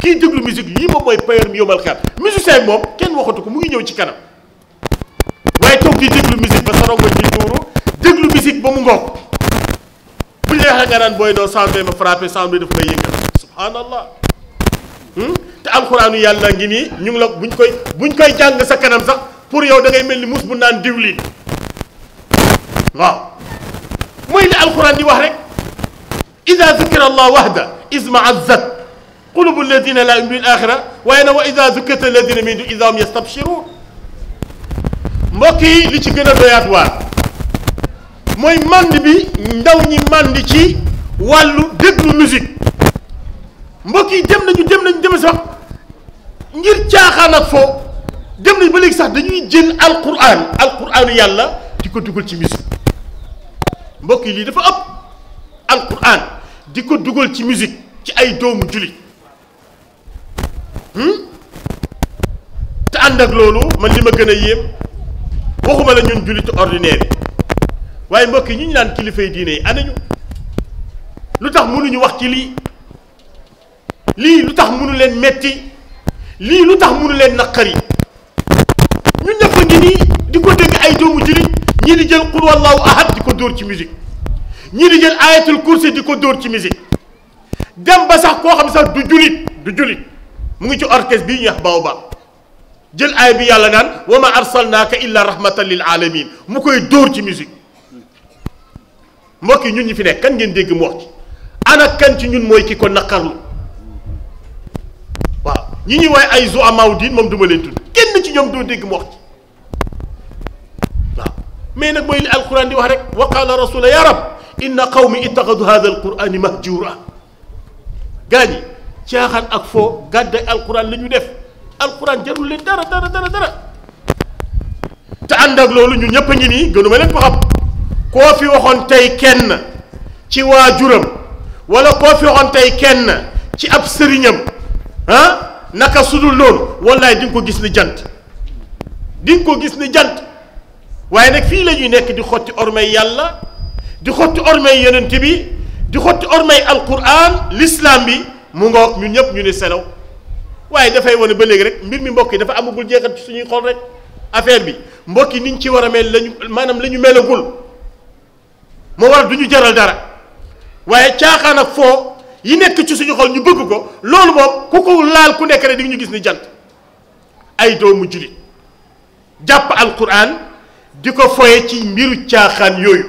kii déglu musique lii moom mooy payeur mi yombal xel musicien moom kenn waxatu ko mu ngi ñëw ci kanam waaye toog di déglu musique ba sa rongoñ di tuuru déglu musique ba mu ngoog bu ñu waxee nga bi ma frappé hmm? ngi nii ñu la buñ koy buñ koy jàng sa kanam sax pour yow da mel ni muus naan diwlin waaw mooy wax rek ida zikira allah wahda isma azzat qulubu alladina laa yuminuuna bil axira waaye nag wa ida zukkata alladina min ida hum yastabchiruun mbokk yi li ci gën a doyaat waar mooy mànd bi ndaw ñi mànd ci wàllu déglu musique mbokk yi dem nañu dem nañu dem sax ngir caaxaan ak foo dem nañu ba léegi sax dañuy jël alquran alquranu yàlla di ko dugal ci musique mbokk yi lii dafa ëpp alquran di ko dugal ci musique ci ay doomu jullit Hmm? te ànd ak loolu man li ma gën a yéem waxuma la ñun jullit ordinaire yi waaye mbokk yi ñu naan kilifa yi diine yi anañu lu tax mënuñu wax ci lii lii lu tax mënu leen metti lii lu tax mënu leen naqari ñu ñëpp ngi nii di ko dégg ay doomu jullit ñii di jël qul wallahu di ko dóor ci musique ñii di jël ayatul kursi di ko dóor ci musique dem ba sax koo xam sax du jullit du jullit mu ngi ci orchestre bi ñuy wax ba jël aay bi yàlla naan wa ma arsalnaaka illa rahmatan lil alamin mu koy dóor ci musique mbokk yi ñun ñi fi nekk kan ngeen dégg mu wax ci ana kan ci ñun mooy ki ko naqarlu waaw ñi ñuy waaye ay zo amaw diin moom duma leen tudd kenn ci ñoom du dégg mu wax ci waaw mais nag mooy li alquran di wax rek wa qaala rasula ya rab inna qawmi ittaxadu hada alqurani mahjura gaañi caaxaan ak foo gàdday alquran la ñu def alquran jarul leen dara dara dara dara te ànd ak loolu ñun ñëpp a ngi nii gënuma leen ko xam koo fi waxoon tey kenn ci waajuram walla koo fi waxoon tey kenn ci ab sëriñam ah naka sudul loolu wallaay di ko gis ni jant di ko gis ni jant waaye nag fii la ñuy nekk di xotti ormay yàlla di xotti ormay yonent bi di xotti ormay alquran lislaam bi mu ngoog ñun ñëpp ñu ni selaw waaye dafay wane ba léegi rek mbir mi mbokk yi dafa amagul jeexal ci suñuy xol rek affaire bi mbokk yi niñ ci war a mel lañu maanaam lañu ñu melagul moo war du ñu jaral dara waaye caaxaan ak foo yi nekk ci suñu xol ñu bëgg ko loolu moom ku ko laal ku nekk rek di ñu gis ni jant ay doomu julit jàpp alquran di ko foye ci mbiru caaxaan yooyu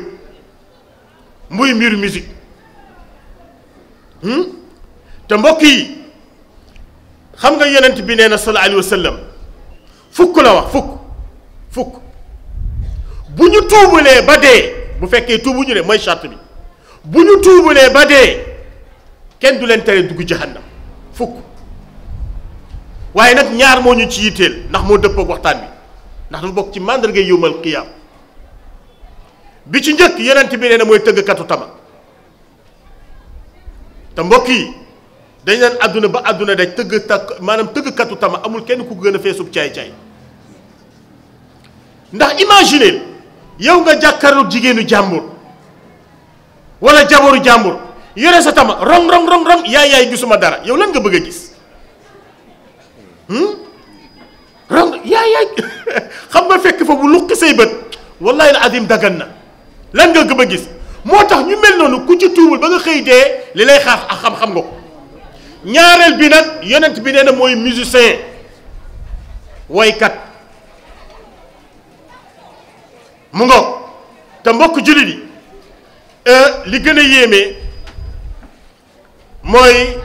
muy mbiru musique hmm? te mbokk yi xam nga yenent bi nee na sallallahu alayhi wa sallam fukk la wax fukk fukk bu ñu tuubulee ba dee bu fekkee tuubuñu de mooy charte bi bu ñu tuubulee ba dee kenn du leen tere dugg jahannam fukk waaye nag ñaar moo ñu ci yitteel ndax moo dëppook waxtaan bi ndax dafa bokk ci màndargay yowmal qiyaam bi ci njëkk yonent bi nee na mooy tëggkatu tama te mbokk yi dañ naan àdduna ba àdduna de tëgg takk maanaam tëggkatu tama amul kenn ku gën a feesub caay-caay ndax imaginer yow nga jàkkaarloog jigéenu jàmbur wala jaboru jàmbur yore sa tama rong rong rong rong yaay yaay gisuma dara yow lan nga bëgg a gis hmm? rong yaay yaay xam nga fekk fa bu luqi say bët wallahi la adim daggan na lan nga gëb a gis moo tax ñu mel noonu ku ci tuubul ba nga xëy li lay xaar a xam-xam nga ko ñaareel bi nag yonent bi nee na mooy musicien woykat mu ngoog te mbokk jullit yi e, li gën a yéeme mooy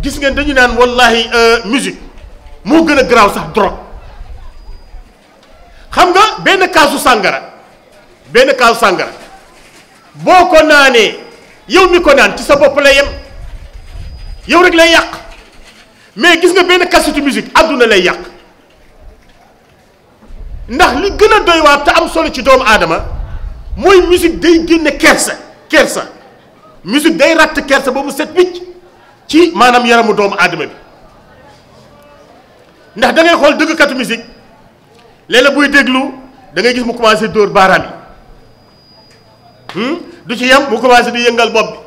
gis ngeen dañu naan wallahi e, musique moo gën a garaaw sax drogue xam nga benn kaasu sàngara benn kaasu sàngara boo ko naanee yow mi ko naan ci sa bopp la yem yow rek lay yàq mais gis nga benn kasetu musique àdduna lay yàq ndax li gën a doy waar te am solo ci doomu aadama mooy musique day génne kersa kersa musique day ratt kersa ba mu set wicc ci maanaam yaramu doomu aadama bi ndax da ngay xool dëggkatu musique léeg-léeg buy déglu da ngay gis mu commencé dóor baaraam yi hmm? du ci yam mu commencé di yëngal bopp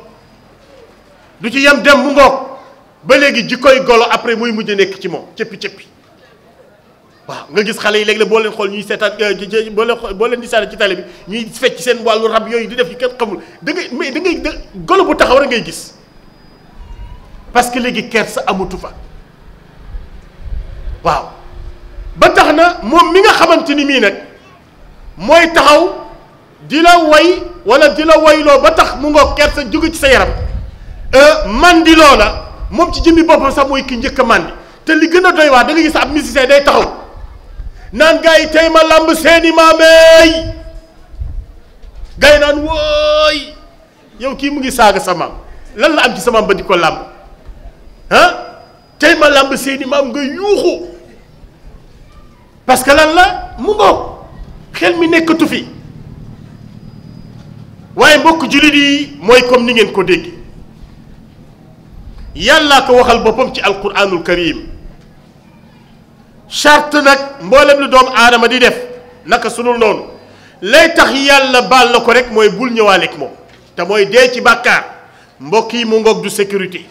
du ci yem dem mu ngook ba léegi ji jikkoy golo après muy mujj nekk ci moom céppi céppi waaw nga gis xale yi léegi la boo leen xool ñuy seetaan euh, boo leen xool boo leen di seetaan ci tali bi ñuy fecc seen wàllu rab yooyu di def yi kenn xamul da ngay mais da ngay golo bu taxaw rek ngay gis parce que léegi sa amatu fa waaw ba tax na moom mi nga xamante ni mii nag mooy taxaw di la way wala di la wayloo ba tax mu kert sa jóge ci sa yaram. Euh, mandi loola moom ci jëmmi boppam sax mooy ki njëkk a te li gën a doy waar da nga gis ab musicien day taxaw naan gars yi tey ma lamb seeni maameey kii mu ngi saaga sa maam lan la am ci sa maam ba di làmb ma lamb seeni maam nga yuuxu parce que lan la mu ngoog xel mi nekkatu fi waaye mbokk jullit yi mooy comme ni ngeen ko dégg yàllaa ko waxal boppam ci alquranul karim charte nag mboolem lu doomu aadama di def naka sunul noonu lay tax yàlla baal na ko rek mooy bul ñëwaaleeg moom te mooy dee ci bàkkaar mbokk yi mu ngoog du sécurité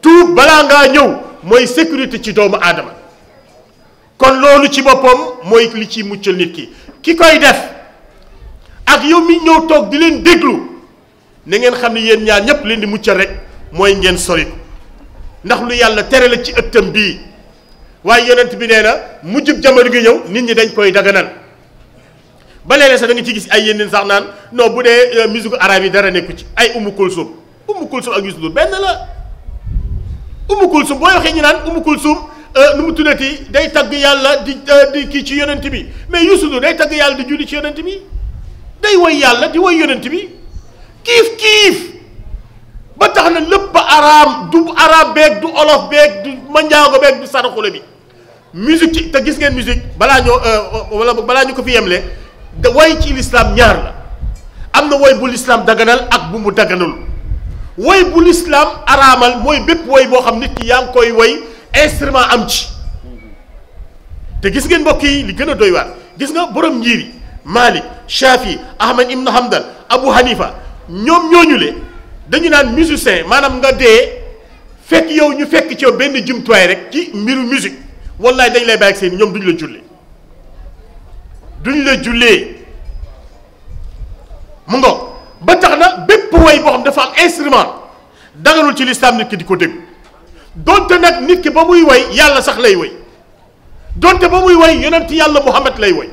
tuub balaa ngaa ñëw mooy sécurité ci doomu aadama kon loolu ci boppam mooy li ci muccal nit ki ki koy def ak yow mi ñëw toog di leen déglu na ngeen xam ne yéen ñaar ñépp leen di muccal rek mooy ngeen sori ndax lu yàlla tere la ci ëttam bii waaye yonent bi nee na mujjub jamono gi ñëw nit ñi dañ koy daganal ba léeg-léeg sax da nga ci gis ay yeneen sax naan non bu dee euh, musique arabe yi dara nekku ci ay Umu Kulsum Umu Kulsum ak Youssou benn la Umu Kulsum boo waxee ñu naan Umu Kulsum euh, nu mu tuddati day tagg yàlla di euh, di kii ci yonent bi mais Youssou Ndour day tagg yàlla di julli ci yonent bi day woy yàlla di woy yonent bi kiif kiif ba tax na lépp araam du araab beeg du olof beeg du manjaago beeg du saraxule bi musique ci te gis ngeen musique balaa ñoo euh, euh, wala balaa ñu ko fi yemle woy ci lislaam ñaar la am na woy bu lislaam daganal ak bu mu daganalul woy bu lislaam araamal mooy bépp woy boo xam nit ki yaa ngi koy woy instrument am ci te gis ngeen mbokk yi li gën a doy waar gis nga borom njiir yi Malik Shafi Ahmad Ibn Hanbal Abu Hanifa ñoom ñooñu dañu naan musicien maanaam nga dee fekk yow ñu fekk ci yow benn jumtuwaay rek ci mbiru musique wallaay dañ lay bàyyi seen ñoom duñ la jullee duñu la jullee mu ngoog ba tax na bépp way boo xam dafa am instrument daganul ci lislaam nit ki di ko dégg donte nag nit ki ba muy way yàlla sax lay woy donte ba muy way yonent yàlla Muhammad lay woy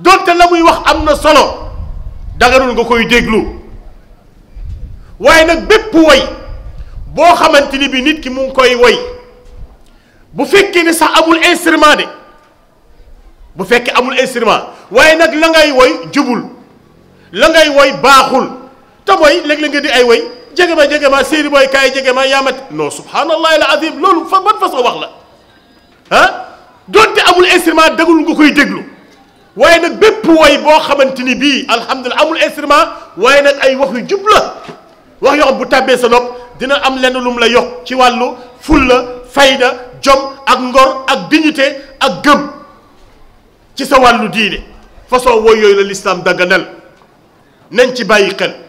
donte la muy wax am na solo dagarul nga koy déglu waaye nag bépp woy boo xamante ni bii nit ki mu koy woy bu fekkee ne sax amul instrument de bu fekkee amul instrument waaye nag la ngay woy jubul la ngay woy baaxul te mooy léeg-léeg di ay woy jege ma jege ma séeri booy kaay jege ma yaa ma non subhaanallahi al azim loolu fa ban façon wax la ah donte amul instrument dagul nga koy déglu waaye nag bépp woy boo xamante ni bii alhamdulilah amul instrument waaye nag ay wax yu jub la wax yoo bu tàbbee sa nopp dina am lenn lum la yokk ci wàllu fulla fayda jom ak ngor ak dignité ak gëm ci sa wàllu diine façon wooy yooyu la listam lislaam dagganal nañ ci bàyyi xel